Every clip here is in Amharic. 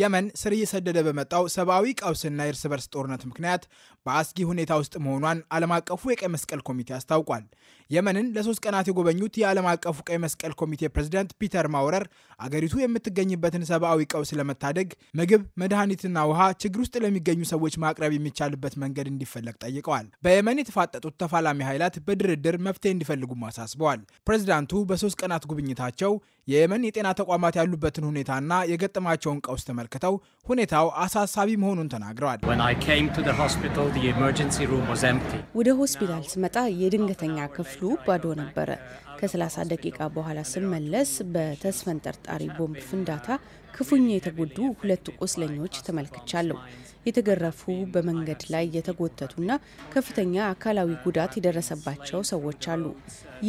የመን ስር እየሰደደ በመጣው ሰብአዊ ቀውስና የእርስ በርስ ጦርነት ምክንያት በአስጊ ሁኔታ ውስጥ መሆኗን ዓለም አቀፉ የቀይ መስቀል ኮሚቴ አስታውቋል። የመንን ለሶስት ቀናት የጎበኙት የዓለም አቀፉ ቀይ መስቀል ኮሚቴ ፕሬዝደንት ፒተር ማውረር አገሪቱ የምትገኝበትን ሰብአዊ ቀውስ ለመታደግ ምግብ፣ መድኃኒትና ውሃ ችግር ውስጥ ለሚገኙ ሰዎች ማቅረብ የሚቻልበት መንገድ እንዲፈለግ ጠይቀዋል። በየመን የተፋጠጡት ተፋላሚ ኃይላት በድርድር መፍትሄ እንዲፈልጉም አሳስበዋል። ፕሬዝዳንቱ በሶስት ቀናት ጉብኝታቸው የየመን የጤና ተቋማት ያሉበትን ሁኔታና የገጠማቸውን ቀውስ ተመልክተው ሁኔታው አሳሳቢ መሆኑን ተናግረዋል። ወደ ሆስፒታል ስመጣ የድንገተኛ ክፍሉ ባዶ ነበረ። ከ30 ደቂቃ በኋላ ስመለስ በተስፈንጠርጣሪ ቦምብ ፍንዳታ ክፉኛ የተጎዱ ሁለት ቁስለኞች ተመልክቻለሁ። የተገረፉ በመንገድ ላይ የተጎተቱና ከፍተኛ አካላዊ ጉዳት የደረሰባቸው ሰዎች አሉ።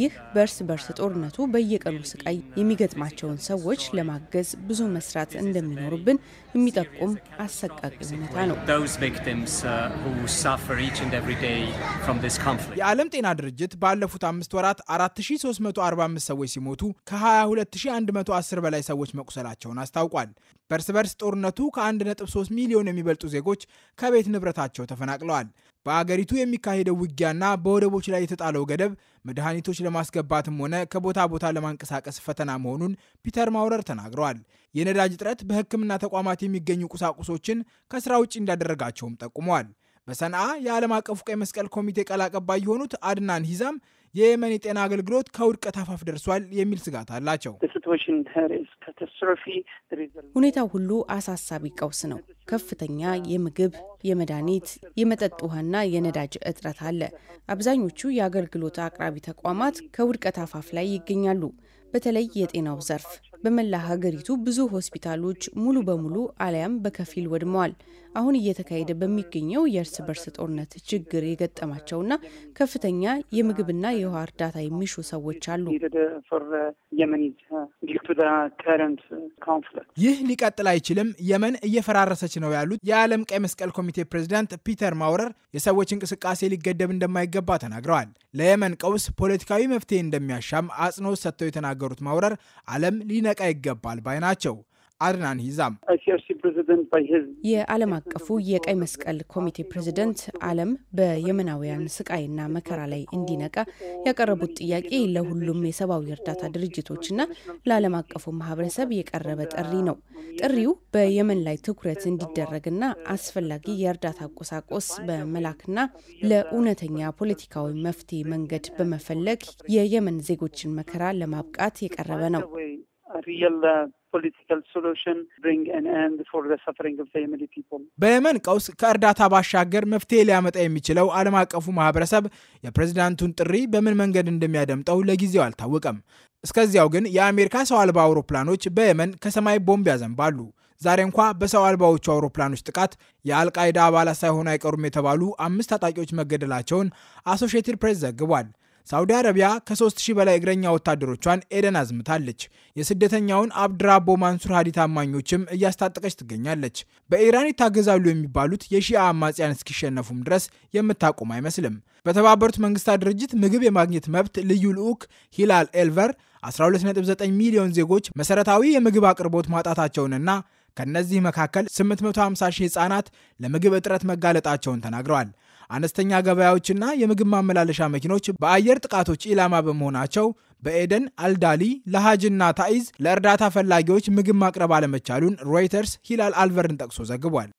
ይህ በእርስ በርስ ጦርነቱ በየቀኑ ስቃይ የሚገጥማቸውን ሰዎች ለማገዝ ብዙ መስራት እንደሚኖርብን የሚጠቁም አሰቃቂ ሁኔታ ነው። uh, የዓለም ጤና ድርጅት ባለፉት አምስት ወራት 245 ሰዎች ሲሞቱ ከ22110 በላይ ሰዎች መቁሰላቸውን አስታውቋል። በርስ በርስ ጦርነቱ ከ1.3 ሚሊዮን የሚበልጡ ዜጎች ከቤት ንብረታቸው ተፈናቅለዋል። በአገሪቱ የሚካሄደው ውጊያና በወደቦች ላይ የተጣለው ገደብ መድኃኒቶች ለማስገባትም ሆነ ከቦታ ቦታ ለማንቀሳቀስ ፈተና መሆኑን ፒተር ማውረር ተናግረዋል። የነዳጅ እጥረት በሕክምና ተቋማት የሚገኙ ቁሳቁሶችን ከስራ ውጭ እንዳደረጋቸውም ጠቁመዋል። በሰንአ የዓለም አቀፉ ቀይ መስቀል ኮሚቴ ቃል አቀባይ የሆኑት አድናን ሂዛም የየመን የጤና አገልግሎት ከውድቀት አፋፍ ደርሷል የሚል ስጋት አላቸው። ሁኔታው ሁሉ አሳሳቢ ቀውስ ነው። ከፍተኛ የምግብ፣ የመድኃኒት፣ የመጠጥ ውሃና የነዳጅ እጥረት አለ። አብዛኞቹ የአገልግሎት አቅራቢ ተቋማት ከውድቀት አፋፍ ላይ ይገኛሉ። በተለይ የጤናው ዘርፍ በመላ ሀገሪቱ ብዙ ሆስፒታሎች ሙሉ በሙሉ አሊያም በከፊል ወድመዋል። አሁን እየተካሄደ በሚገኘው የእርስ በርስ ጦርነት ችግር የገጠማቸውና ከፍተኛ የምግብና የውሃ እርዳታ የሚሹ ሰዎች አሉ። ይህ ሊቀጥል አይችልም። የመን እየፈራረሰች ነው ያሉት የዓለም ቀይ መስቀል ኮሚቴ ፕሬዚዳንት ፒተር ማውረር የሰዎች እንቅስቃሴ ሊገደብ እንደማይገባ ተናግረዋል። ለየመን ቀውስ ፖለቲካዊ መፍትሄ እንደሚያሻም አጽንኦት ሰጥተው የተናገሩት ማውረር ዓለም ሊነቃ ይገባል ባይ ናቸው። አድናን ሂዛም የዓለም አቀፉ የቀይ መስቀል ኮሚቴ ፕሬዚደንት ዓለም በየመናውያን ስቃይና መከራ ላይ እንዲነቃ ያቀረቡት ጥያቄ ለሁሉም የሰብአዊ እርዳታ ድርጅቶችና ለዓለም አቀፉ ማህበረሰብ የቀረበ ጥሪ ነው። ጥሪው በየመን ላይ ትኩረት እንዲደረግና አስፈላጊ የእርዳታ ቁሳቁስ በመላክና ለእውነተኛ ፖለቲካዊ መፍትሄ መንገድ በመፈለግ የየመን ዜጎችን መከራ ለማብቃት የቀረበ ነው። Uh, በየመን ቀውስ ከእርዳታ ባሻገር መፍትሄ ሊያመጣ የሚችለው ዓለም አቀፉ ማህበረሰብ የፕሬዚዳንቱን ጥሪ በምን መንገድ እንደሚያደምጠው ለጊዜው አልታወቀም። እስከዚያው ግን የአሜሪካ ሰው አልባ አውሮፕላኖች በየመን ከሰማይ ቦምብ ያዘንባሉ። ዛሬ እንኳ በሰው አልባዎቹ አውሮፕላኖች ጥቃት የአልቃይዳ አባላት ሳይሆኑ አይቀሩም የተባሉ አምስት ታጣቂዎች መገደላቸውን አሶሽየትድ ፕሬስ ዘግቧል። ሳውዲ አረቢያ ከ3000 በላይ እግረኛ ወታደሮቿን ኤደን አዝምታለች። የስደተኛውን አብድራቦ ማንሱር ሀዲ ታማኞችም እያስታጠቀች ትገኛለች። በኢራን ይታገዛሉ የሚባሉት የሺአ አማጽያን እስኪሸነፉም ድረስ የምታቆም አይመስልም። በተባበሩት መንግስታት ድርጅት ምግብ የማግኘት መብት ልዩ ልዑክ ሂላል ኤልቨር 129 ሚሊዮን ዜጎች መሰረታዊ የምግብ አቅርቦት ማጣታቸውንና ከእነዚህ መካከል 850 ሺህ ህጻናት ለምግብ እጥረት መጋለጣቸውን ተናግረዋል። አነስተኛ ገበያዎችና የምግብ ማመላለሻ መኪኖች በአየር ጥቃቶች ኢላማ በመሆናቸው በኤደን አልዳሊ፣ ለሃጅና ታኢዝ ለእርዳታ ፈላጊዎች ምግብ ማቅረብ አለመቻሉን ሮይተርስ ሂላል አልቨርን ጠቅሶ ዘግቧል።